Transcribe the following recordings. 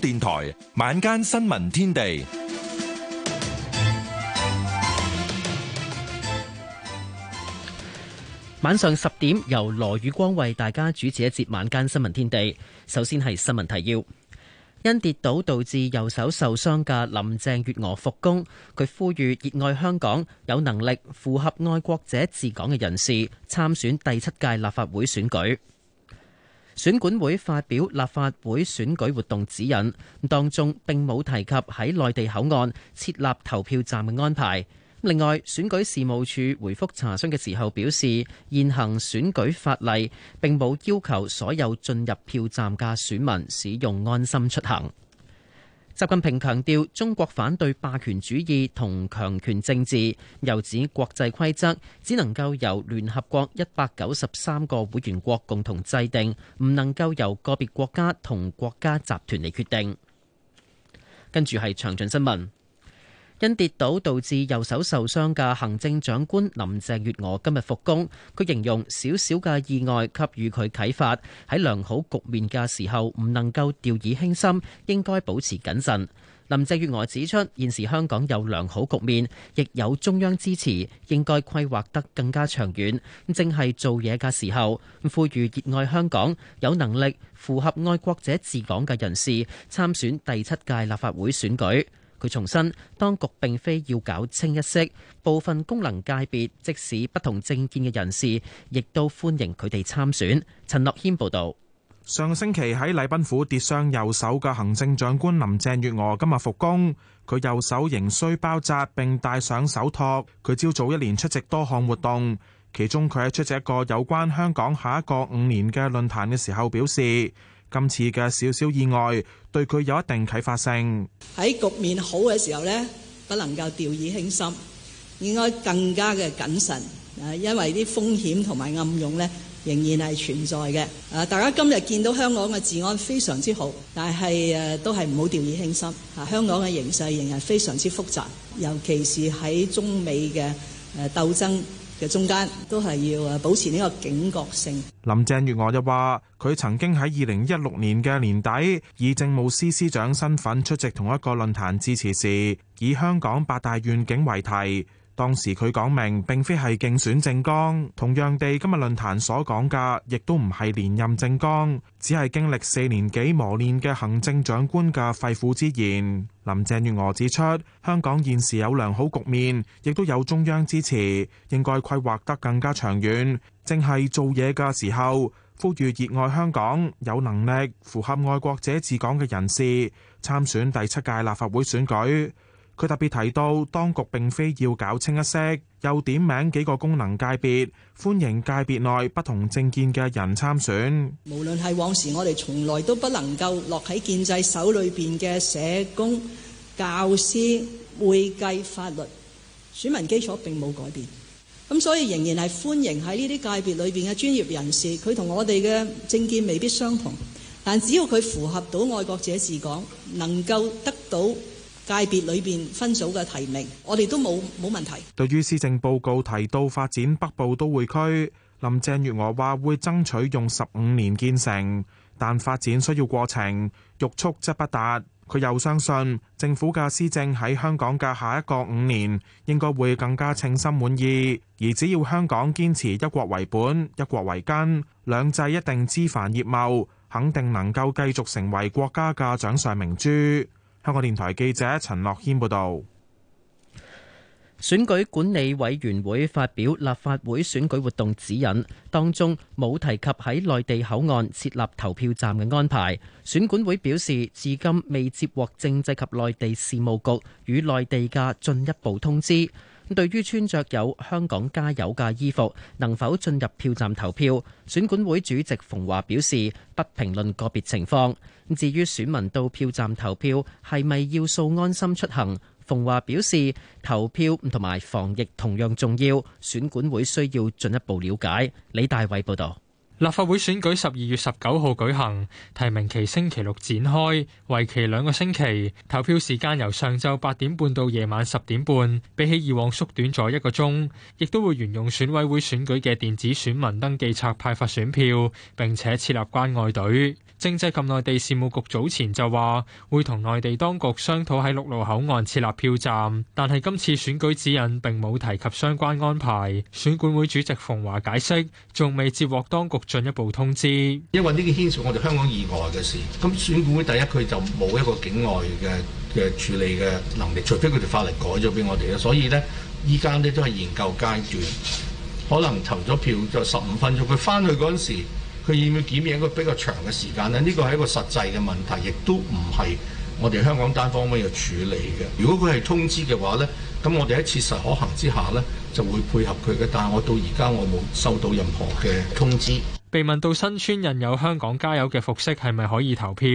電台晚間新聞天地，晚上十點由羅宇光為大家主持一節晚間新聞天地。首先係新聞提要：因跌倒導致右手受傷嘅林鄭月娥復工，佢呼籲熱愛香港、有能力、符合愛國者治港嘅人士參選第七屆立法會選舉。選管會發表立法會選舉活動指引，當中並冇提及喺內地口岸設立投票站嘅安排。另外，選舉事務處回覆查詢嘅時候表示，現行選舉法例並冇要求所有進入票站嘅選民使用安心出行。習近平強調，中國反對霸權主義同強權政治，又指國際規則只能夠由聯合國一百九十三個會員國共同制定，唔能夠由個別國家同國家集團嚟決定。跟住係詳盡新聞。因跌倒導致右手受傷嘅行政長官林鄭月娥今日復工，佢形容小小嘅意外給予佢啟發，喺良好局面嘅時候唔能夠掉以輕心，應該保持謹慎。林鄭月娥指出，現時香港有良好局面，亦有中央支持，應該規劃得更加長遠。正係做嘢嘅時候，咁呼籲熱愛香港、有能力、符合愛國者治港嘅人士參選第七屆立法會選舉。佢重申，當局並非要搞清一色，部分功能界別即使不同政見嘅人士，亦都歡迎佢哋參選。陳樂謙報導。上個星期喺禮賓府跌傷右手嘅行政長官林鄭月娥今日復工，佢右手仍需包紮並戴上手托。佢朝早一連出席多項活動，其中佢喺出席一個有關香港下一個五年嘅論壇嘅時候表示，今次嘅少少意外，對佢有一定啟發性。喺局面好嘅時候呢，不能夠掉以輕心，應該更加嘅謹慎。啊，因為啲風險同埋暗湧呢，仍然係存在嘅。啊，大家今日見到香港嘅治安非常之好，但係誒都係唔好掉以輕心。啊，香港嘅形勢仍然非常之複雜，尤其是喺中美嘅誒鬥爭嘅中間都係要，啊，保持呢個警覺性。林鄭月娥又話：佢曾經喺二零一六年嘅年底，以政務司司長身份出席同一個論壇，致辭時以香港八大願景為題。當時佢講明並非係競選政綱，同樣地今日論壇所講嘅亦都唔係連任政綱，只係經歷四年幾磨練嘅行政長官嘅肺腑之言。林鄭月娥指出，香港現時有良好局面，亦都有中央支持，應該規劃得更加長遠。正係做嘢嘅時候，呼籲熱愛香港、有能力、符合愛國者治港嘅人士參選第七屆立法會選舉。佢特別提到，當局並非要搞清一色，又點名幾個功能界別，歡迎界別內不同政見嘅人參選。無論係往時，我哋從來都不能夠落喺建制手裏邊嘅社工、教師、會計、法律、選民基礎並冇改變，咁所以仍然係歡迎喺呢啲界別裏邊嘅專業人士。佢同我哋嘅政見未必相同，但只要佢符合到愛國者治港，能夠得到，界別裏邊分組嘅提名，我哋都冇冇問題。對於施政報告提到發展北部都會區，林鄭月娥話會爭取用十五年建成，但發展需要過程，欲速則不達。佢又相信政府嘅施政喺香港嘅下一個五年應該會更加稱心滿意，而只要香港堅持一國為本、一國為根，兩制一定枝繁葉茂，肯定能夠繼續成為國家嘅掌上明珠。香港電台記者陳樂謙報道，選舉管理委員會發表立法會選舉活動指引，當中冇提及喺內地口岸設立投票站嘅安排。選管會表示，至今未接獲政制及內地事務局與內地嘅進一步通知。對於穿着有香港加油嘅衣服能否進入票站投票，選管會主席馮華表示不評論個別情況。咁至於選民到票站投票係咪要掃安心出行，馮華表示投票同埋防疫同樣重要，選管會需要進一步了解。李大偉報導。立法會選舉十二月十九號舉行，提名期星期六展開，為期兩個星期。投票時間由上晝八點半到夜晚十點半，比起以往縮短咗一個鐘，亦都會沿用選委會選舉嘅電子選民登記冊派發選票，並且設立關愛隊。政制及內地事務局早前就話會同內地當局商討喺陸路口岸設立票站，但係今次選舉指引並冇提及相關安排。選管會主席馮華解釋，仲未接獲當局進一步通知。因為呢件牽涉我哋香港以外嘅事，咁選管會第一佢就冇一個境外嘅嘅處理嘅能力，除非佢哋法例改咗俾我哋啦。所以呢，依家呢都係研究階段，可能投咗票就十五分鐘，佢翻去嗰陣時。佢要唔要檢驗一個比較長嘅時間咧？呢個係一個實際嘅問題，亦都唔係我哋香港單方面嘅處理嘅。如果佢係通知嘅話呢，咁我哋喺切實可行之下呢，就會配合佢嘅。但係我到而家我冇收到任何嘅通知。被問到新村印有香港加油嘅服飾係咪可以投票，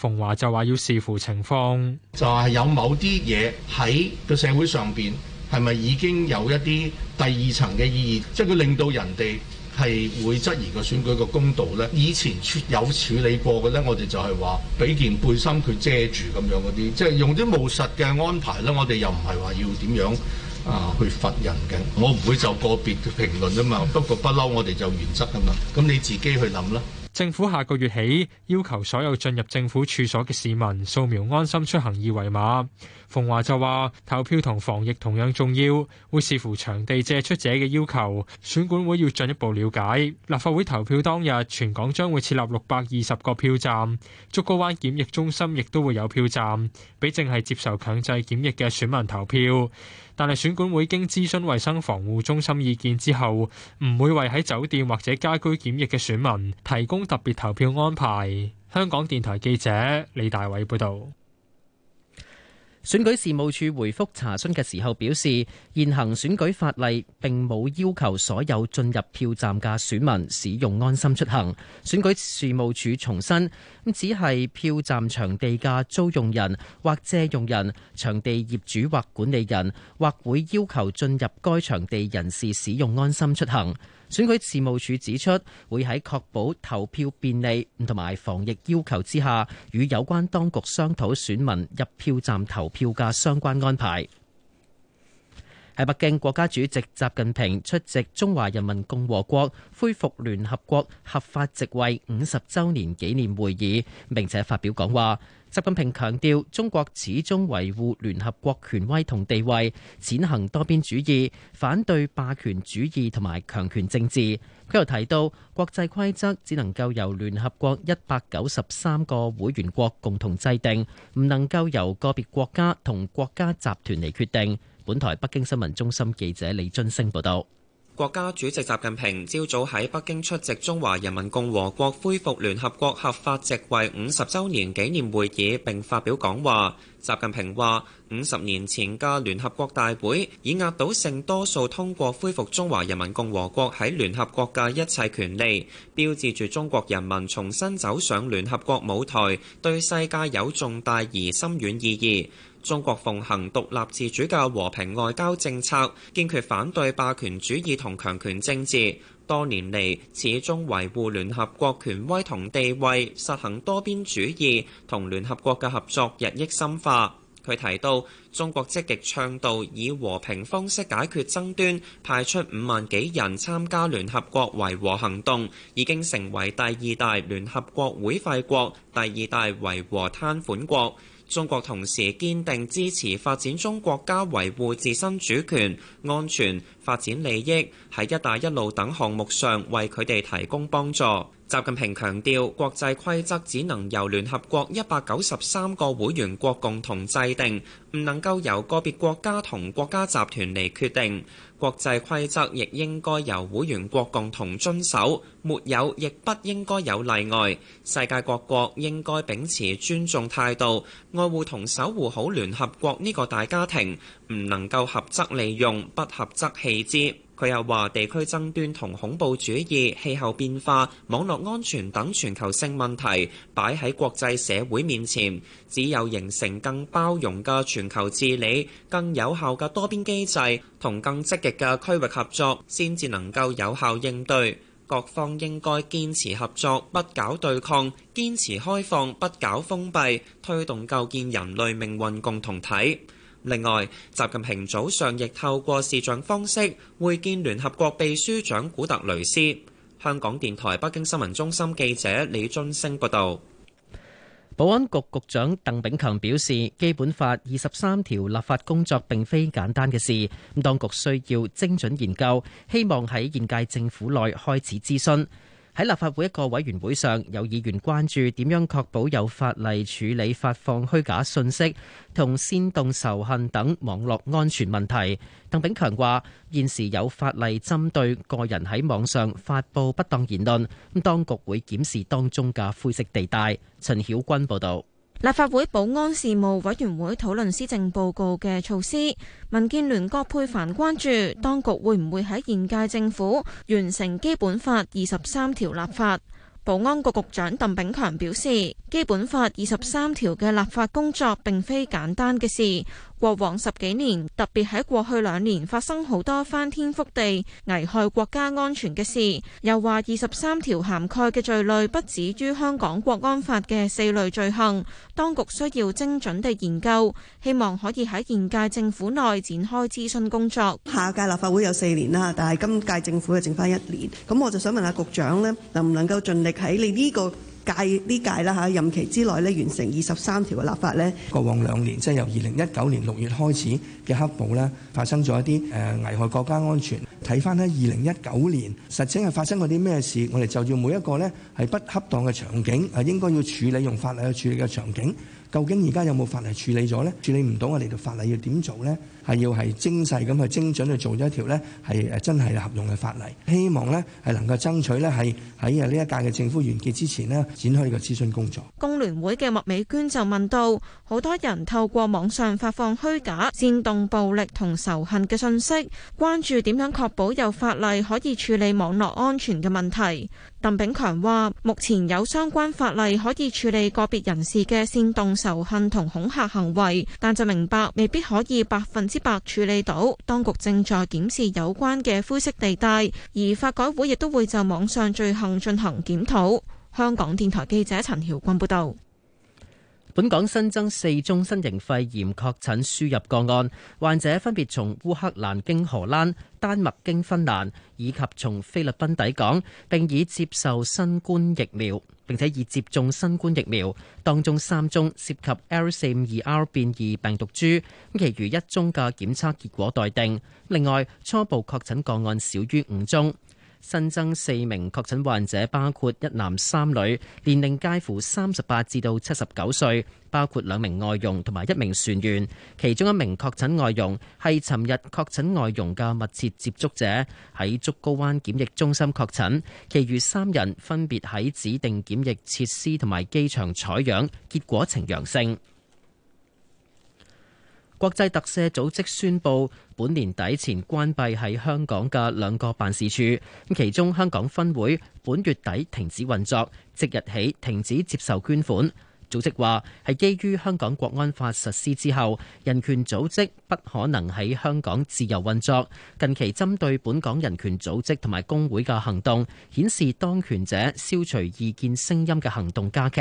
馮華就話要視乎情況，就係有某啲嘢喺個社會上邊係咪已經有一啲第二層嘅意義，即係佢令到人哋。係會質疑個選舉個公道呢？以前有處理過嘅呢，我哋就係話俾件背心佢遮住咁樣嗰啲，即係用啲務實嘅安排呢。我哋又唔係話要點樣、啊、去罰人嘅。我唔會就個別評論啊嘛。不過不嬲，我哋就原則啊嘛。咁你自己去諗啦。政府下個月起要求所有進入政府處所嘅市民掃描安心出行二維碼。馮華就話投票同防疫同樣重要，會視乎場地借出者嘅要求，選管會要進一步了解。立法會投票當日，全港將會設立六百二十個票站，竹篙灣檢疫中心亦都會有票站，俾淨係接受強制檢疫嘅選民投票。但係選管會經諮詢衛生防護中心意見之後，唔會為喺酒店或者家居檢疫嘅選民提供特別投票安排。香港電台記者李大偉報導。選舉事務處回覆查詢嘅時候表示，現行選舉法例並冇要求所有進入票站嘅選民使用安心出行。選舉事務處重申，只係票站場地嘅租用人或借用人、場地業主或管理人，或會要求進入該場地人士使用安心出行。選舉事務處指出，會喺確保投票便利同埋防疫要求之下，與有關當局商討選民入票站投票嘅相關安排。喺北京，國家主席習近平出席中華人民共和國恢復聯合國合法席位五十周年紀念會議，並且發表講話。習近平強調，中國始終維護聯合國權威同地位，踐行多邊主義，反對霸權主義同埋強權政治。佢又提到，國際規則只能夠由聯合國一百九十三個會員國共同制定，唔能夠由個別國家同國家集團嚟決定。本台北京新聞中心記者李津升報道。國家主席習近平朝早喺北京出席中華人民共和國恢復聯合國合法席位五十周年紀念會議，並發表講話。習近平話：五十年前嘅聯合國大會，以壓倒性多數通過恢復中華人民共和國喺聯合國嘅一切權利，標誌住中國人民重新走上聯合國舞台，對世界有重大而深遠意義。中國奉行獨立自主嘅和平外交政策，堅決反對霸權主義同強權政治。多年嚟，始終維護聯合國權威同地位，實行多邊主義，同聯合國嘅合作日益深化。佢提到，中國積極倡導以和平方式解決爭端，派出五萬幾人參加聯合國維和行動，已經成為第二大聯合國會費國、第二大維和攤款國。中國同時堅定支持發展中國家維護自身主權、安全、發展利益，喺「一帶一路」等項目上為佢哋提供幫助。習近平強調，國際規則只能由聯合國一百九十三個會員國共同制定，唔能夠由個別國家同國家集團嚟決定。國際規則亦應該由會員國共同遵守，沒有亦不應該有例外。世界各國應該秉持尊重態度，愛護同守護好聯合國呢個大家庭，唔能夠合則利用，不合則棄之。佢又話：地區爭端同恐怖主義、氣候變化、網絡安全等全球性問題擺喺國際社會面前，只有形成更包容嘅全球治理、更有效嘅多邊機制同更積極嘅區域合作，先至能夠有效應對。各方應該堅持合作，不搞對抗，堅持開放，不搞封閉，推動構建人類命運共同體。另外，習近平早上亦透過視像方式會見聯合國秘書長古特雷斯。香港電台北京新聞中心記者李津星報道，保安局局長鄧炳強表示，《基本法》二十三條立法工作並非簡單嘅事，咁當局需要精準研究，希望喺現屆政府內開始諮詢。喺立法會一個委員會上，有議員關注點樣確保有法例處理發放虛假信息同煽動仇恨等網絡安全問題。鄧炳強話：現時有法例針對個人喺網上發布不當言論，咁當局會檢視當中嘅灰色地帶。陳曉君報導。立法會保安事務委員會討論施政報告嘅措施，民建聯葛珮帆關注當局會唔會喺現屆政府完成基本法二十三條立法。保安局局長鄧炳強表示，基本法二十三條嘅立法工作並非簡單嘅事。過往十幾年，特別喺過去兩年發生好多翻天覆地、危害國家安全嘅事。又話二十三條涵蓋嘅罪類不止於香港國安法嘅四類罪行，當局需要精準地研究，希望可以喺現屆政府內展開諮詢工作。下屆立法會有四年啦，但係今屆政府啊剩翻一年，咁我就想問下局長呢能唔能夠盡力喺你呢、這個？屆呢屆啦嚇任期之內咧，完成二十三條嘅立法咧。過往兩年，即係由二零一九年六月開始嘅黑暴咧，發生咗一啲誒危害國家安全。睇翻咧二零一九年，實情係發生過啲咩事？我哋就要每一個咧係不恰當嘅場景，係應該要處理用法例去處理嘅場景，究竟而家有冇法例處理咗咧？處理唔到，我哋嘅法例要點做咧？係要係精細咁去精準去做咗一條呢，係誒真係合用嘅法例，希望呢係能夠爭取呢，係喺呢一屆嘅政府完結之前呢，展開個諮詢工作。工聯會嘅麥美娟就問到：好多人透過網上發放虛假煽動暴力同仇恨嘅信息，關注點樣確保有法例可以處理網絡安全嘅問題。鄧炳強話：目前有相關法例可以處理個別人士嘅煽動仇恨同恐嚇行為，但就明白未必可以百分之白處理到，當局正在檢視有關嘅灰色地帶，而法改會亦都會就網上罪行進行檢討。香港電台記者陳曉君報導。本港新增四宗新型肺炎確診輸入個案，患者分別從烏克蘭經荷蘭、丹麥經芬蘭，以及從菲律賓抵港，並已接受新冠疫苗，並且已接種新冠疫苗。當中三宗涉及 L 四五二 R 變異病毒株，咁其餘一宗嘅檢測結果待定。另外，初步確診個案少於五宗。新增四名確診患者，包括一男三女，年齡介乎三十八至到七十九歲，包括兩名外佣同埋一名船員，其中一名確診外傭係尋日確診外傭嘅密切接觸者，喺竹篙灣檢疫中心確診，其餘三人分別喺指定檢疫設施同埋機場採樣結果呈陽性。國際特赦組織宣布，本年底前關閉喺香港嘅兩個辦事處。咁其中，香港分會本月底停止運作，即日起停止接受捐款。組織話係基於香港國安法實施之後，人權組織不可能喺香港自由運作。近期針對本港人權組織同埋工會嘅行動，顯示當權者消除異見聲音嘅行動加劇。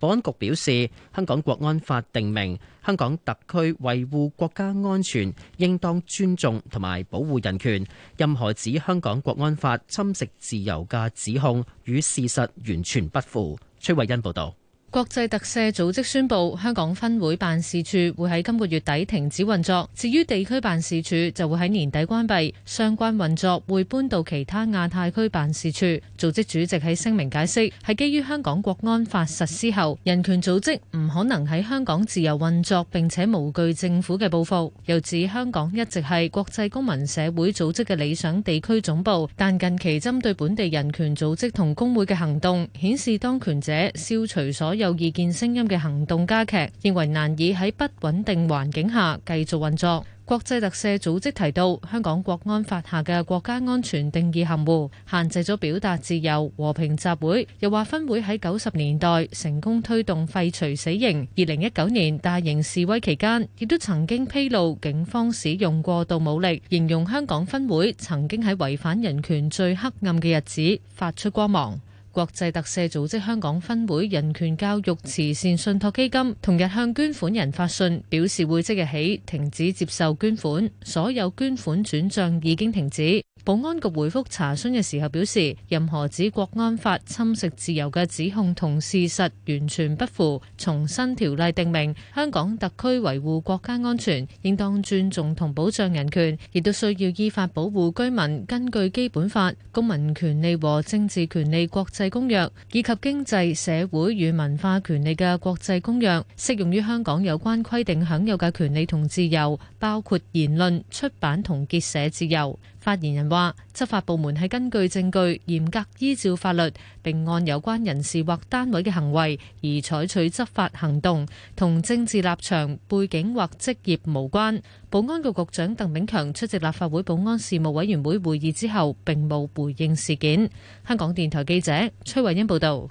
保安局表示，香港國安法定明，香港特區維護國家安全，應當尊重同埋保護人權。任何指香港國安法侵蝕自由嘅指控，與事實完全不符。崔慧欣報道。國際特赦組織宣布，香港分會辦事處會喺今個月底停止運作，至於地區辦事處就會喺年底關閉，相關運作會搬到其他亞太區辦事處。組織主席喺聲明解釋，係基於香港國安法實施後，人權組織唔可能喺香港自由運作並且無懼政府嘅報復。又指香港一直係國際公民社會組織嘅理想地區總部，但近期針對本地人權組織同工會嘅行動，顯示當權者消除所有意見聲音嘅行動加劇，認為難以喺不穩定環境下繼續運作。國際特赦組織提到，香港國安法下嘅國家安全定義含糊，限制咗表達自由、和平集會。又話分會喺九十年代成功推動廢除死刑，二零一九年大型示威期間，亦都曾經披露警方使用過度武力，形容香港分會曾經喺違反人權最黑暗嘅日子發出光芒。國際特赦組織香港分會人權教育慈善信託基金同日向捐款人發信，表示會即日起停止接受捐款，所有捐款轉賬已經停止。保安局回覆查詢嘅時候表示，任何指國安法侵蝕自由嘅指控同事實完全不符。重新條例定明，香港特區維護國家安全，應當尊重同保障人權，亦都需要依法保護居民根據基本法、公民權利和政治權利國際公約以及經濟、社會與文化權利嘅國際公約適用於香港有關規定享有嘅權利同自由，包括言論、出版同結社自由。發言人話：執法部門係根據證據，嚴格依照法律，並按有關人士或單位嘅行為而採取執法行動，同政治立場、背景或職業無關。保安局局長鄧炳強出席立法會保安事務委員會會議之後，並冇回應事件。香港電台記者崔慧欣報道。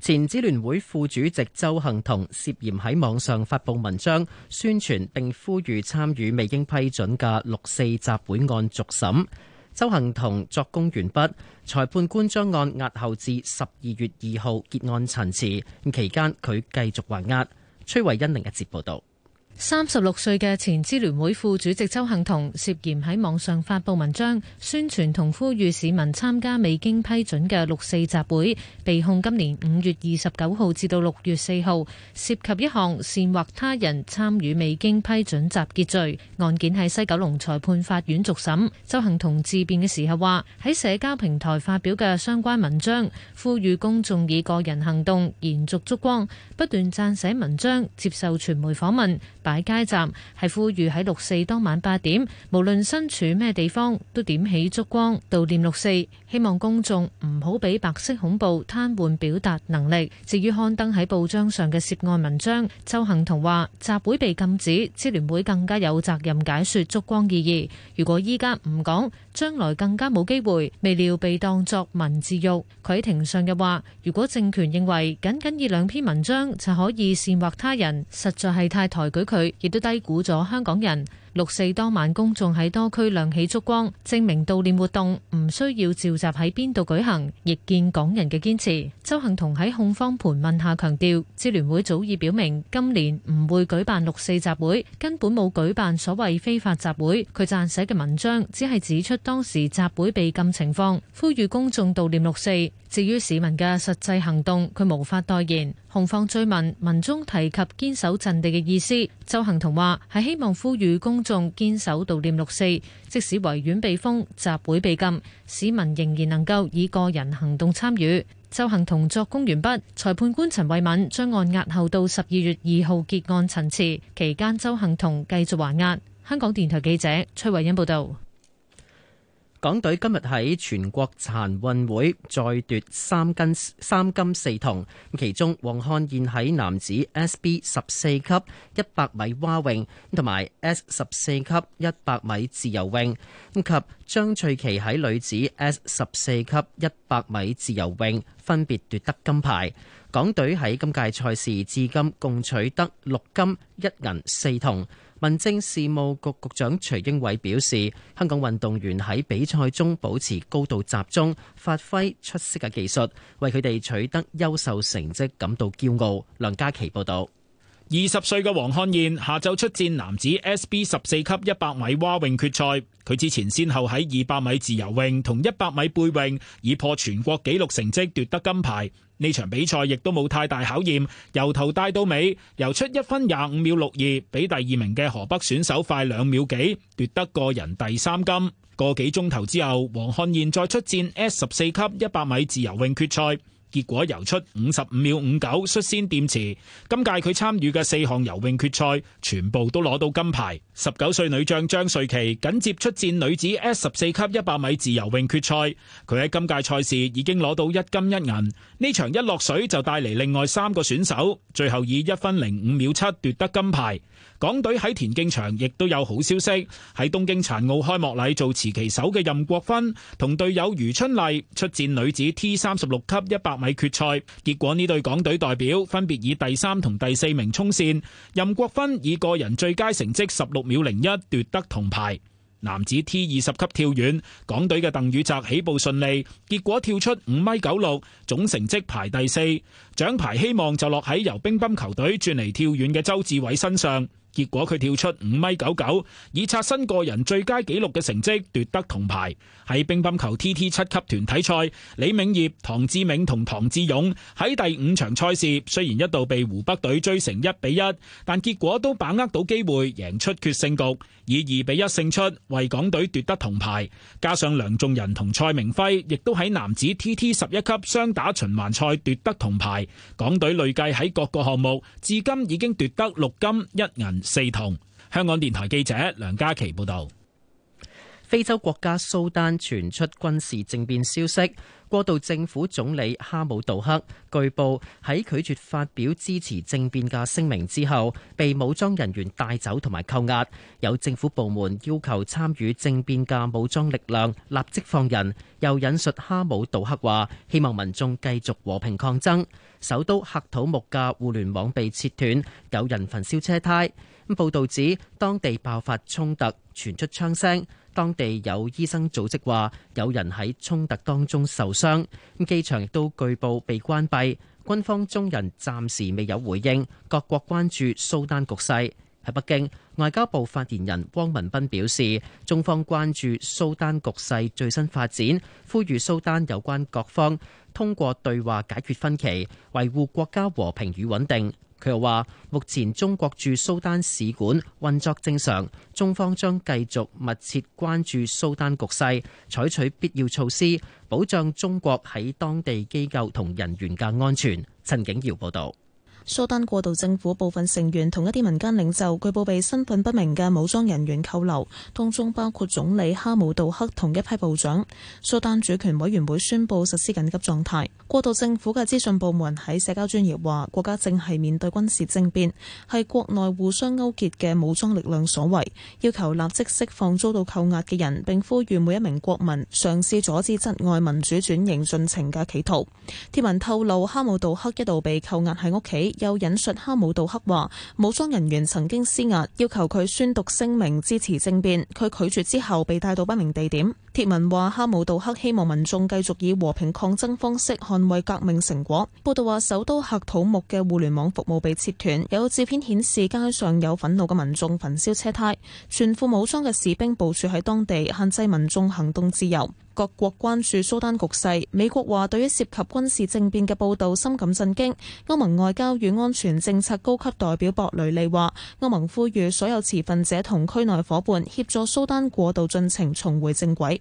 前支聯會副主席鄒幸彤涉嫌喺網上發布文章宣傳，並呼籲參與未經批准嘅六四集會案續審。鄒幸彤作供完畢，裁判官將案押後至十二月二號結案陳詞。期間佢繼續還押。崔慧欣另一節報道。三十六歲嘅前支聯會副主席周幸彤涉嫌喺網上發布文章，宣傳同呼籲市民參加未經批准嘅六四集會，被控今年五月二十九號至到六月四號涉及一項煽惑他人參與未經批准集結罪。案件喺西九龍裁判法院續審。周幸彤自辯嘅時候話：喺社交平台發表嘅相關文章，呼籲公眾以個人行動延續燭光，不斷撰寫文章，接受傳媒訪問。擺街站係呼籲喺六四當晚八點，無論身處咩地方，都點起燭光悼念六四。希望公眾唔好俾白色恐怖癱瘓表達能力。至於刊登喺報章上嘅涉案文章，鄒幸彤話集會被禁止，支聯會更加有責任解説燭光意義。如果依家唔講，將來更加冇機會。未料被當作文字獄。佢喺庭上又話：如果政權認為僅僅以兩篇文章就可以煽惑他人，實在係太抬舉佢，亦都低估咗香港人。六四當晚，公眾喺多區亮起燭光，證明悼念活動唔需要召集喺邊度舉行，亦見港人嘅堅持。鄒幸彤喺控方盤問下強調，支聯會早已表明今年唔會舉辦六四集會，根本冇舉辦所謂非法集會。佢撰寫嘅文章只係指出當時集會被禁情況，呼籲公眾悼念六四。至於市民嘅實際行動，佢無法代言。控方追問文中提及堅守陣地嘅意思，鄒幸彤話係希望呼籲公眾堅守悼念六四，即使維園被封、集會被禁，市民仍然能夠以個人行動參與。鄒幸彤作供完畢，裁判官陳慧敏將案押後到十二月二號結案陳詞，期間鄒幸彤繼續還押。香港電台記者崔慧欣報道。港隊今日喺全國殘運會再奪三金三金四銅，其中黃漢燕喺男子 S B 十四級一百米蛙泳，同埋 S 十四級一百米自由泳，及張翠琪喺女子 S 十四級一百米自由泳分別奪得金牌。港隊喺今屆賽事至今共取得六金一銀四銅。民政事務局局長徐英偉表示，香港運動員喺比賽中保持高度集中，發揮出色嘅技術，為佢哋取得優秀成績感到驕傲。梁嘉琪報道。二十歲嘅黃漢燕下晝出戰男子 SB 十四級一百米蛙泳決賽，佢之前先後喺二百米自由泳同一百米背泳以破全國紀錄成績奪得金牌。呢場比賽亦都冇太大考驗，由頭帶到尾，游出一分廿五秒六二，比第二名嘅河北選手快兩秒幾，奪得個人第三金。個幾鐘頭之後，黃漢燕再出戰 S 十四級一百米自由泳決賽。結果游出五十五秒五九，率先掂池。今屆佢參與嘅四項游泳決賽，全部都攞到金牌。十九歲女將張瑞琪緊接出戰女子 S 十四級一百米自由泳決賽，佢喺今屆賽事已經攞到一金一銀。呢場一落水就帶嚟另外三個選手，最後以一分零五秒七奪得金牌。港隊喺田徑場亦都有好消息，喺東京殘奧開幕禮做持旗手嘅任國芬同隊友余春麗出戰女子 T 三十六級一百米決賽，結果呢對港隊代表分別以第三同第四名衝線，任國芬以個人最佳成績十六秒零一奪得銅牌。男子 T 二十級跳遠，港隊嘅鄧宇澤起步順利，結果跳出五米九六，總成績排第四，獎牌希望就落喺由乒乓球隊轉嚟跳遠嘅周志偉身上。結果佢跳出五米九九，以刷新個人最佳紀錄嘅成績奪得銅牌。喺乒乓球 TT 七級團體賽，李銘業、唐志明同唐志勇喺第五場賽事，雖然一度被湖北隊追成一比一，但結果都把握到機會贏出決勝局，以二比一勝出，為港隊奪得銅牌。加上梁仲仁同蔡明輝，亦都喺男子 TT 十一級雙打循環賽奪得銅牌。港隊累計喺各個項目，至今已經奪得六金一銀。四同香港電台記者梁嘉琪報道：非洲國家蘇丹傳出軍事政變消息，過渡政府總理哈姆杜克據報喺拒絕發表支持政變嘅聲明之後，被武裝人員帶走同埋扣押。有政府部門要求參與政變嘅武裝力量立即放人。又引述哈姆杜克話：希望民眾繼續和平抗爭。首都喀土穆嘅互聯網被切斷，有人焚燒車胎。報道指當地爆發衝突，傳出槍聲。當地有醫生組織話有人喺衝突當中受傷。咁機場亦都據報被關閉。軍方中人暫時未有回應。各國關注蘇丹局勢。喺北京，外交部發言人汪文斌表示，中方關注蘇丹局勢最新發展，呼籲蘇丹有關各方通過對話解決分歧，維護國家和平與穩定。佢又話：目前中國駐蘇丹使館運作正常，中方將繼續密切關注蘇丹局勢，採取必要措施保障中國喺當地機構同人員嘅安全。陳景耀報道。蘇丹過渡政府部分成員同一啲民間領袖據報被身份不明嘅武裝人員扣留，當中包括總理哈姆杜克同一批部長。蘇丹主權委員會宣布實施緊急狀態。過渡政府嘅資訊部門喺社交專頁話，國家正係面對軍事政變，係國內互相勾結嘅武裝力量所為，要求立即釋放遭到扣押嘅人，並呼籲每一名國民嘗試阻止窒外民主轉型進程嘅企圖。帖文透露，哈姆杜克一度被扣押喺屋企。又引述哈姆道克話：武裝人員曾經施壓，要求佢宣讀聲明支持政變，佢拒絕之後被帶到不明地點。帖文話：哈姆杜克希望民眾繼續以和平抗爭方式捍衛革命成果。報道話，首都喀土穆嘅互聯網服務被切斷，有照片顯示街上有憤怒嘅民眾焚燒車胎，全副武裝嘅士兵部署喺當地，限制民眾行動自由。各國關注蘇丹局勢。美國話對於涉及軍事政變嘅報道深感震驚。歐盟外交與安全政策高級代表博雷利話，歐盟呼籲所有持份者同區內夥伴協助蘇丹過渡進程重回正軌。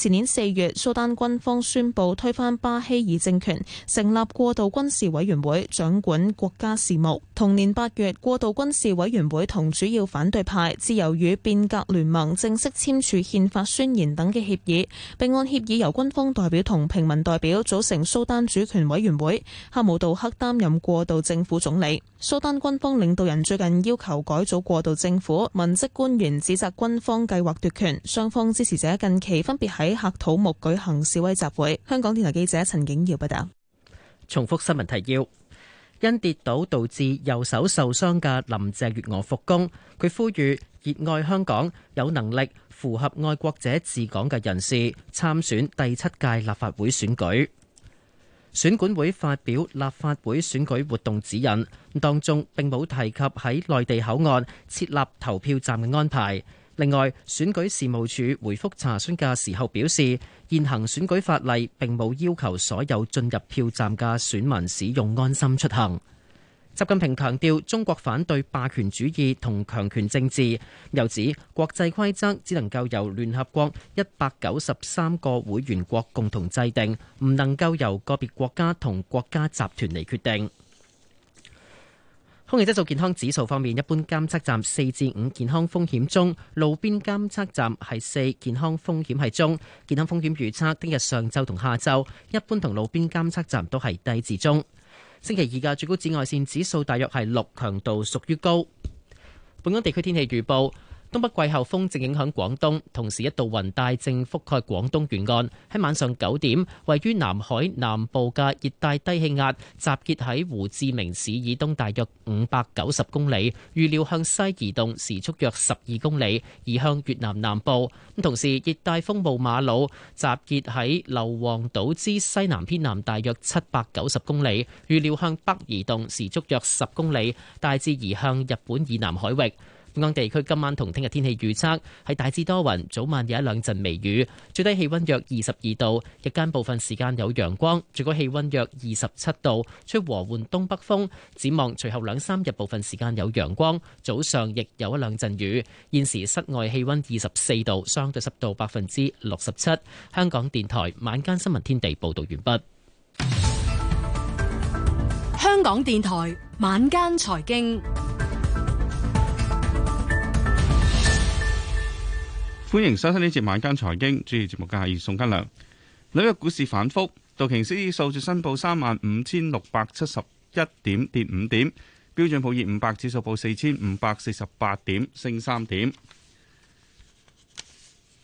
前年四月，蘇丹軍方宣布推翻巴希爾政權，成立過渡軍事委員會掌管國家事務。同年八月，過渡軍事委員會同主要反對派自由與變革聯盟正式簽署憲法宣言等嘅協議，並按協議由軍方代表同平民代表組成蘇丹主權委員會，哈姆杜克擔任過渡政府總理。蘇丹軍方領導人最近要求改組過渡政府，文職官員指責軍方計劃奪權，雙方支持者近期分別喺喺喀土穆舉行示威集會。香港電台記者陳景耀報道。重複新聞提要，因跌倒導致右手受傷嘅林鄭月娥復工，佢呼籲熱愛香港、有能力、符合愛國者治港嘅人士參選第七屆立法會選舉。選管會發表立法會選舉活動指引，當中並冇提及喺內地口岸設立投票站嘅安排。另外，選舉事務處回覆查詢嘅時候表示，現行選舉法例並冇要求所有進入票站嘅選民使用安心出行。習近平強調，中國反對霸權主義同強權政治，又指國際規則只能夠由聯合國一百九十三個會員國共同制定，唔能夠由個別國家同國家集團嚟決定。空氣質素健康指數方面，一般監測站四至五健康風險中，路邊監測站係四健康風險係中。健康風險預測，聽日上晝同下晝，一般同路邊監測站都係低至中。星期二嘅最高紫外線指數大約係六，強度屬於高。本港地區天氣預報。東北季候風正影響廣東，同時一道雲帶正覆蓋廣東沿岸。喺晚上九點，位於南海南部嘅熱帶低氣壓集結喺胡志明市以東大約五百九十公里，預料向西移動，時速約十二公里，移向越南南部。咁同時，熱帶風暴馬路集結喺硫黃島之西南偏南大約七百九十公里，預料向北移動，時速約十公里，大致移向日本以南海域。本港地區今晚同聽日天氣預測係大致多雲，早晚有一兩陣微雨，最低氣温約二十二度，日間部分時間有陽光，最高氣温約二十七度，吹和緩東北風。展望隨後兩三日部分時間有陽光，早上亦有一兩陣雨。現時室外氣温二十四度，相對濕度百分之六十七。香港電台晚間新聞天地報道完畢。香港電台晚間財經。歡迎收聽呢節晚間財經，主持節目嘅係宋金良。紐約股市反覆，道瓊斯指數申報三萬五千六百七十一點，跌五點；標準普爾五百指數報四千五百四十八點，升三點。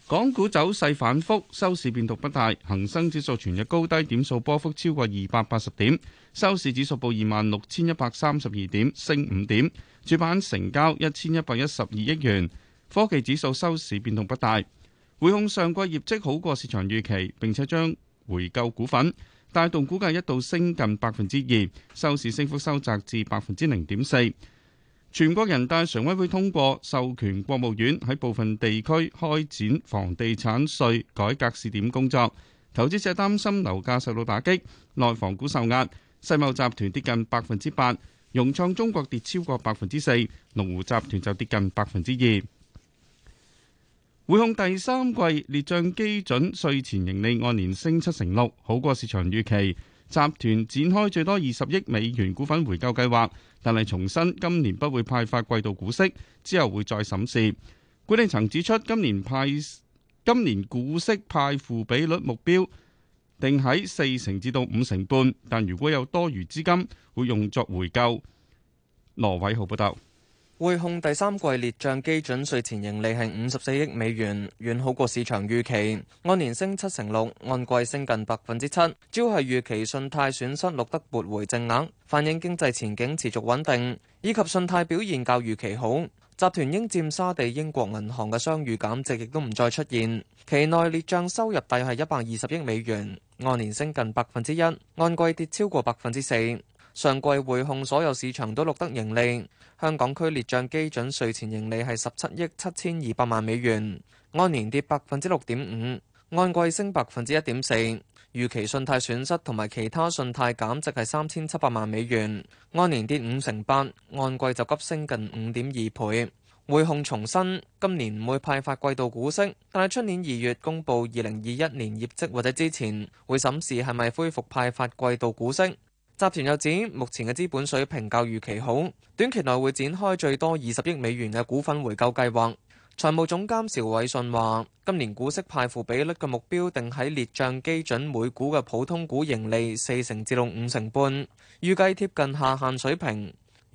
港股走勢反覆，收市變動不大，恒生指數全日高低點數波幅超過二百八十點，收市指數報二萬六千一百三十二點，升五點。主板成交一千一百一十二億元。科技指數收市變動不大，匯控上季業績好過市場預期，並且將回購股份，帶動股價一度升近百分之二，收市升幅收窄至百分之零點四。全國人大常委會通過授權國務院喺部分地區開展房地產稅改革試點工作，投資者擔心樓價受到打擊，內房股受壓，世茂集團跌近百分之八，融創中國跌超過百分之四，龍湖集團就跌近百分之二。匯控第三季列賬基準稅前盈利按年升七成六，好過市場預期。集團展開最多二十億美元股份回購計劃，但係重申今年不會派發季度股息，之後會再審視。管理層指出，今年派今年股息派付比率目標定喺四成至到五成半，但如果有多餘資金，會用作回購。羅偉豪報道。匯控第三季列賬基準稅前盈利係五十四億美元，遠好過市場預期，按年升七成六，按季升近百分之七。主要係預期信貸損失錄得撥回淨額，反映經濟前景持續穩定，以及信貸表現較預期好。集團應佔沙地英國銀行嘅商譽減值亦都唔再出現。期內列賬收入大約係一百二十億美元，按年升近百分之一，按季跌超過百分之四。上季匯控所有市場都錄得盈利。香港區列賬基準稅前盈利係十七億七千二百萬美元，按年跌百分之六點五，按季升百分之一點四。預期信貸損失同埋其他信貸減值係三千七百萬美元，按年跌五成八，按季就急升近五點二倍。匯控重申今年唔會派發季度股息，但係出年二月公布二零二一年業績或者之前，會審視係咪恢復派發季度股息。集團又指，目前嘅資本水平較預期好，短期內會展開最多二十億美元嘅股份回購計劃。財務總監邵偉信話，今年股息派付比率嘅目標定喺列帳基準每股嘅普通股盈利四成至到五成半，預計貼近下限水平。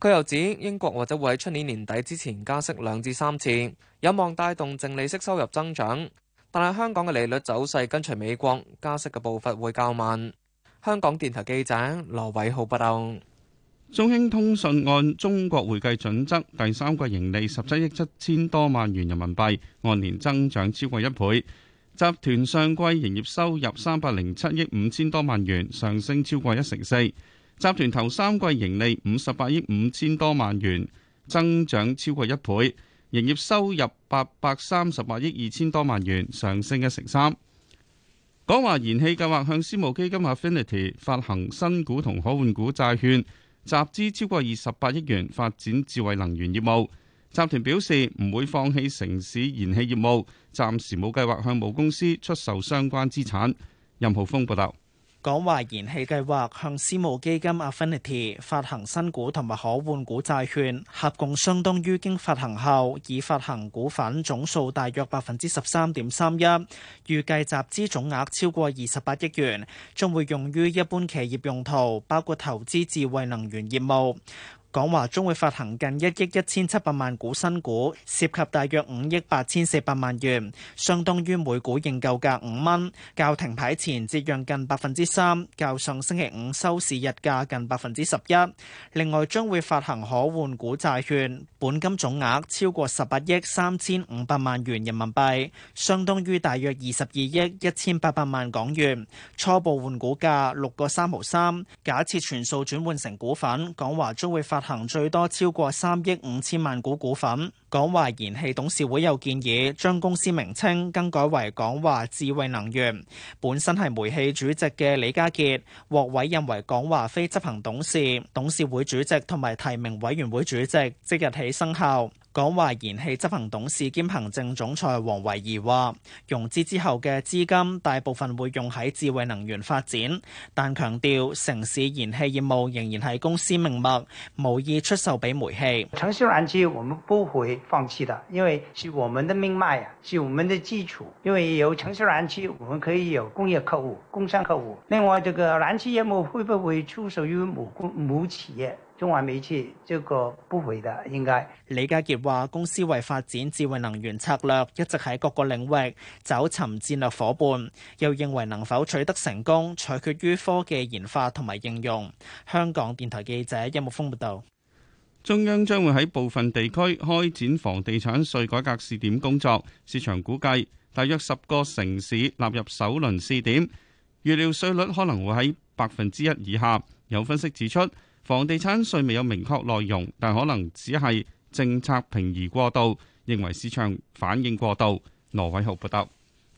佢又指英國或者會喺出年年底之前加息兩至三次，有望帶動淨利息收入增長。但係香港嘅利率走勢跟隨美國，加息嘅步伐會較慢。香港電台記者羅偉浩報道：中興通訊按中國會計準則第三季盈利十七億七千多萬元人民幣，按年增長超過一倍。集團上季營業收入三百零七億五千多萬元，上升超過一成四。集團頭三季盈利五十八億五千多萬元，增長超過一倍；營業收入八百三十八億二千多萬元，上升一成三。港華燃氣計劃向私募基金 Affinity 發行新股同可換股債券，集資超過二十八億元，發展智慧能源業務。集團表示唔會放棄城市燃氣業務，暫時冇計劃向母公司出售相關資產。任浩峰報道。港華燃氣計劃向私募基金 Affinity 發行新股同埋可換股債券，合共相當於經發行後已發行股份總數大約百分之十三點三一，預計集資總額超過二十八億元，將會用於一般企業用途，包括投資智慧能源業務。港華將會發行近一億一千七百萬股新股，涉及大約五億八千四百萬元，相當於每股認購價五蚊，較停牌前折讓近百分之三，較上星期五收市日價近百分之十一。另外將會發行可換股債券，本金總額超過十八億三千五百萬元人民幣，相當於大約二十二億一千八百萬港元。初步換股價六個三毫三，假設全數轉換成股份，港華將會發發行最多超過三億五千萬股股份。港華燃氣董事會又建議將公司名稱更改為港華智慧能源。本身係煤氣主席嘅李家傑獲委任為港華非執行董事、董事會主席同埋提名委員會主席，即日起生效。港華燃氣執行董事兼行政總裁黃維儀話：融資之後嘅資金大部分會用喺智慧能源發展，但強調城市燃氣業務仍然係公司命脈，無意出售俾煤氣。城市燃氣我們不會放棄的，因為是我們的命脈呀，是我們的基礎。因為有城市燃氣，我們可以有工業客戶、工商客戶。另外，這個燃氣業務會不會出售於某個某企業？中華煤氣，這個不回答，應該。李家傑話：公司為發展智慧能源策略，一直喺各個領域找尋戰略夥伴。又認為能否取得成功，取決於科技研發同埋應用。香港電台記者殷木峯報道。中央將會喺部分地區開展房地產稅改革試點工作。市場估計，大約十個城市納入首輪試點，預料稅率可能會喺百分之一以下。有分析指出，房地產稅未有明確內容，但可能只係政策平移過度，認為市場反應過度。羅偉豪報道。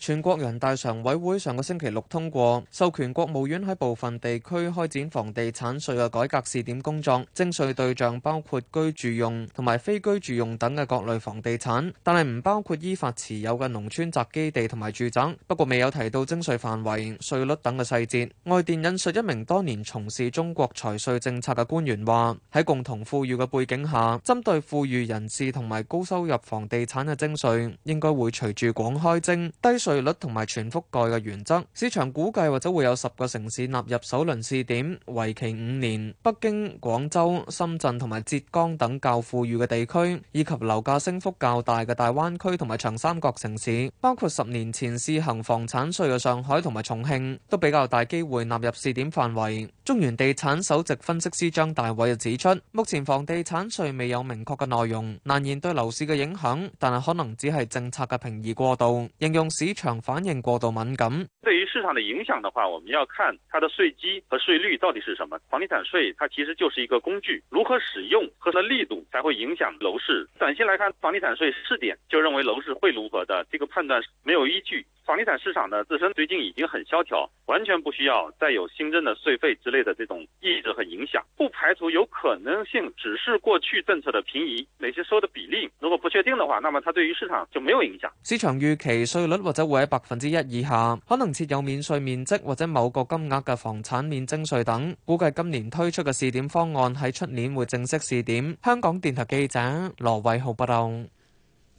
全國人大常委會上個星期六通過授權國務院喺部分地區開展房地產稅嘅改革試點工作，徵稅對象包括居住用同埋非居住用等嘅各類房地產，但係唔包括依法持有嘅農村宅基地同埋住宅。不過未有提到徵稅範圍、稅率等嘅細節。外電引述一名多年從事中國財稅政策嘅官員話：喺共同富裕嘅背景下，針對富裕人士同埋高收入房地產嘅徵稅，應該會隨住廣開徵低稅。稅率同埋全覆蓋嘅原則，市場估計或者會有十個城市納入首輪試點，為期五年。北京、廣州、深圳同埋浙江等較富裕嘅地區，以及樓價升幅較大嘅大灣區同埋長三角城市，包括十年前試行房產稅嘅上海同埋重慶，都比較大機會納入試點範圍。中原地產首席分析師張大偉就指出，目前房地產稅未有明確嘅內容，難言對樓市嘅影響，但係可能只係政策嘅平移過渡應用市。市場反應過度敏感，對於市場的影響的話，我們要看它的稅基和稅率到底是什麼。房地產稅它其實就是一個工具，如何使用和它力度，才會影響樓市。短期來看，房地產稅試點就認為樓市會如何的，這個判斷沒有依據。房地產市場呢，自身最近已經很蕭條，完全不需要再有新增的稅費之類的這種抑制和影響。不排除有可能性，只是過去政策的平移，哪些收的比例如果不確定的話，那麼它對於市場就沒有影響。市場預期稅率或者會喺百分之一以下，可能設有免稅面積或者某個金額嘅房產免徵稅等。估計今年推出嘅試點方案喺出年會正式試點。香港電台記者羅偉豪報道。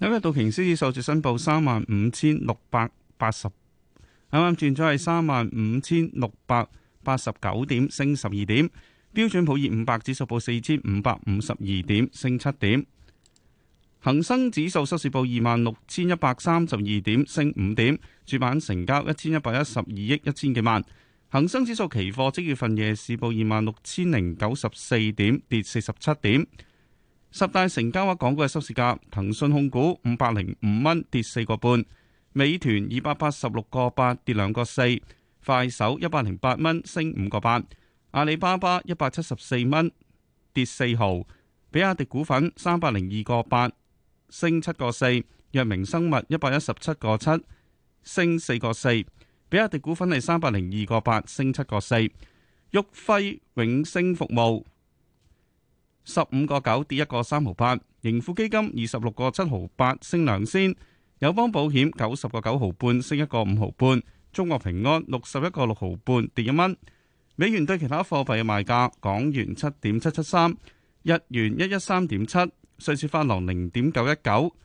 今日道瓊斯指數申報三萬五千六百。八十，啱啱轉咗係三萬五千六百八十九點，升十二點。標準普爾五百指數報四千五百五十二點，升七點。恒生指數收市報二萬六千一百三十二點，升五點。主板成交一千一百一十二億一千幾萬。恒生指數期貨即月份夜市報二萬六千零九十四點，跌四十七點。十大成交額港股嘅收市價，騰訊控股五百零五蚊，跌四個半。美團二百八十六個八跌兩個四，快手一百零八蚊升五個八，阿里巴巴一百七十四蚊跌四毫，比亞迪股份三百零二個八升七個四，藥明生物一百一十七個七升四個四，比亞迪股份係三百零二個八升七個四，旭輝永升服務十五個九跌一個三毫八，盈富基金二十六個七毫八升兩仙。友邦保險九十個九毫半，升一個五毫半。中國平安六十一個六毫半，跌一蚊。美元對其他貨幣嘅賣價：港元七點七七三，日元一一三點七，瑞士法郎零點九一九，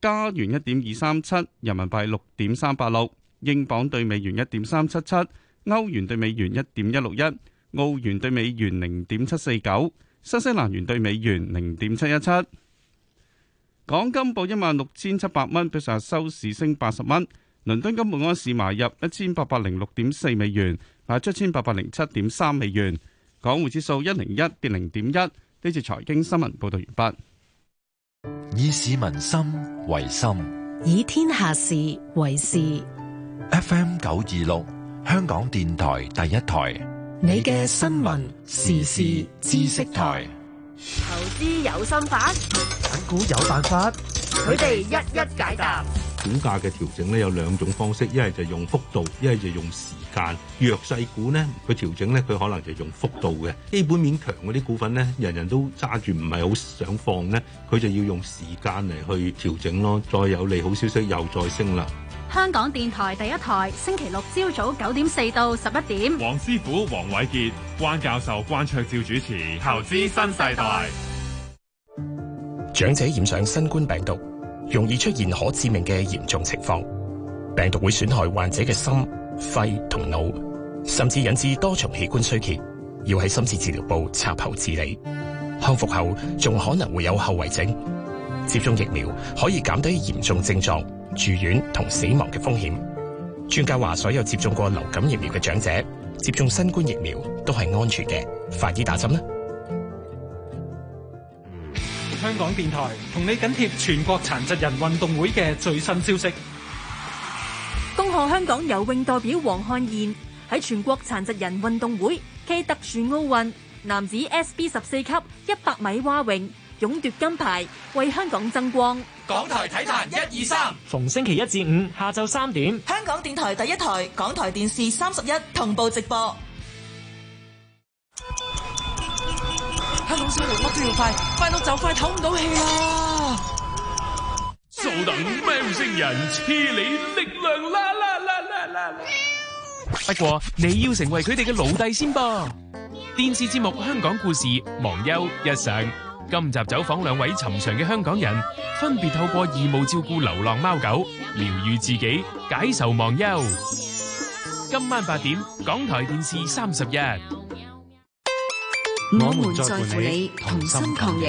加元一點二三七，人民幣六點三八六，英鎊對美元一點三七七，歐元對美元一點一六一，澳元對美元零點七四九，新西蘭元對美元零點七一七。港金報一萬六千七百蚊，比上日收市升八十蚊。倫敦金本安士買入一千八百零六點四美元，賣出一千八百零七點三美元。港匯指數一零一，跌零點一。呢次財經新聞報道完畢。以市民心為心，以天下事為事。FM 九二六，香港電台第一台，你嘅新聞時事知識台。投資有心法，選股有辦法，佢哋一一解答。股價嘅調整咧有兩種方式，一係就用幅度，一係就用時間。弱勢股咧，佢調整咧，佢可能就用幅度嘅；基本面強嗰啲股份咧，人人都揸住唔係好想放咧，佢就要用時間嚟去調整咯。再有利好消息，又再升啦。香港電台第一台，星期六朝早九點四到十一點。黃師傅、黃偉傑、關教授、關卓照主持。投資新世代。長者染上新冠病毒，容易出現可致命嘅嚴重情況。病毒會損害患者嘅心、肺同腦，甚至引致多重器官衰竭，要喺深切治療部插喉治理。康復後仲可能會有後遺症。接種疫苗可以減低嚴重症狀。住院同死亡嘅風險，專家話所有接種過流感疫苗嘅長者接種新冠疫苗都係安全嘅，快啲打針啦！香港電台同你緊貼全國殘疾人運動會嘅最新消息，恭賀香港游泳代表黃漢燕喺全國殘疾人運動會暨特殊奧運男子 SB 十四級一百米蛙泳勇奪金牌，為香港爭光！港台體壇一二三，逢星期一至五下晝三點，香港電台第一台、港台電視三十一同步直播。香港生活乜都要快，快到就快唞唔到氣啦！就等喵星人賜你力量啦啦啦啦啦！不過你要成為佢哋嘅老弟先噃。電視節目《香港故事》，忘憂日常。今集走訪兩位尋常嘅香港人，分別透過義務照顧流浪貓狗，療愈自己，解愁忘憂。今晚八點，港台電視三十一，我們在乎你，同心抗疫。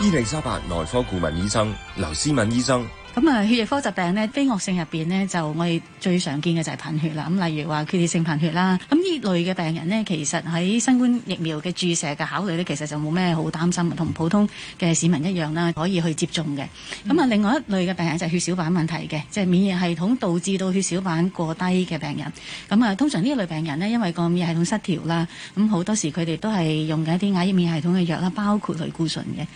伊利沙伯內科顧問醫生劉思敏醫生。咁啊，血液科疾病呢，非惡性入邊呢，就我哋最常見嘅就係貧血啦。咁例如話缺鐵性貧血啦，咁呢類嘅病人呢，其實喺新冠疫苗嘅注射嘅考慮呢，其實就冇咩好擔心，同普通嘅市民一樣啦，可以去接種嘅。咁啊，另外一類嘅病人就係血小板問題嘅，即係免疫系統導致到血小板過低嘅病人。咁啊，通常呢類病人呢，因為個免疫系統失調啦，咁好多時佢哋都係用緊啲壓抑免疫系統嘅藥啦，包括類固醇嘅。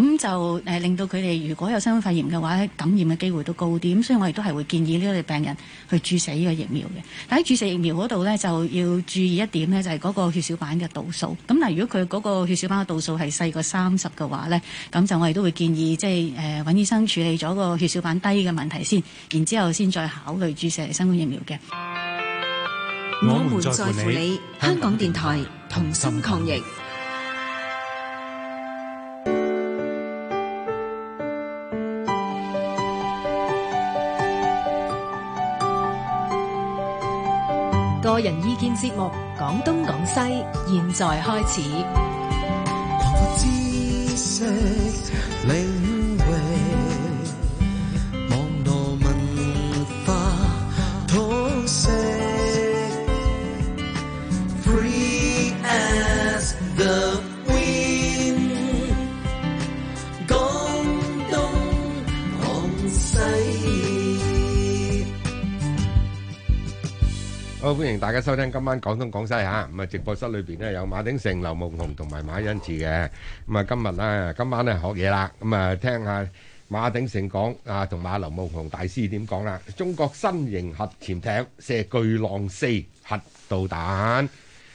咁就誒令到佢哋如果有新冠肺炎嘅話咧，感染嘅機會都高啲，咁所以我亦都係會建議呢啲病人去注射呢個疫苗嘅。但喺注射疫苗嗰度咧，就要注意一點咧，就係嗰個血小板嘅度數。咁嗱，如果佢嗰個血小板嘅度數係細過三十嘅話咧，咁就我亦都會建議即係誒揾醫生處理咗個血小板低嘅問題先，然之後先再考慮注射新冠疫苗嘅。我們在乎你，香港電台同心抗疫。個人意見節目，講東講西，現在開始。歡迎大家收聽今晚廣東廣西吓咁啊，直播室裏邊咧，有馬鼎盛、劉夢熊同埋馬恩慈嘅。咁啊！今日啦，今晚咧，學嘢啦，咁啊聽下馬鼎盛講啊，同馬劉夢熊大師點講啦？中國新型核潛艇射巨浪四核導彈，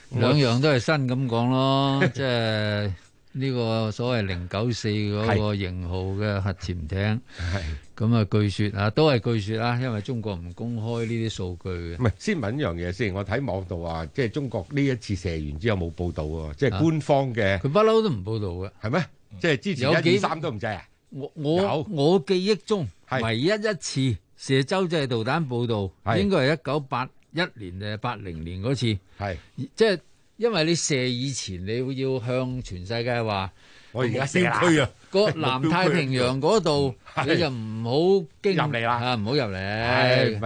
兩樣都係新咁講咯，即係呢個所謂零九四嗰個型號嘅核潛艇。係。咁啊，據說啊，都係據說啦，因為中國唔公開呢啲數據嘅。唔係，先問一樣嘢先。我睇網度話，即係中國呢一次射完之後冇報道喎，即係官方嘅。佢、啊、不嬲都唔報道嘅，係咩？即係之前 1, 有幾幾三都唔制啊！我有我我記憶中唯一一次射洲際導彈報道，是應該係一九八一年誒八零年嗰次。係是，即係因為你射以前，你要向全世界話我而家射區啊！個南太平洋嗰度， 你就唔好驚入嚟啦，唔好、啊、入嚟。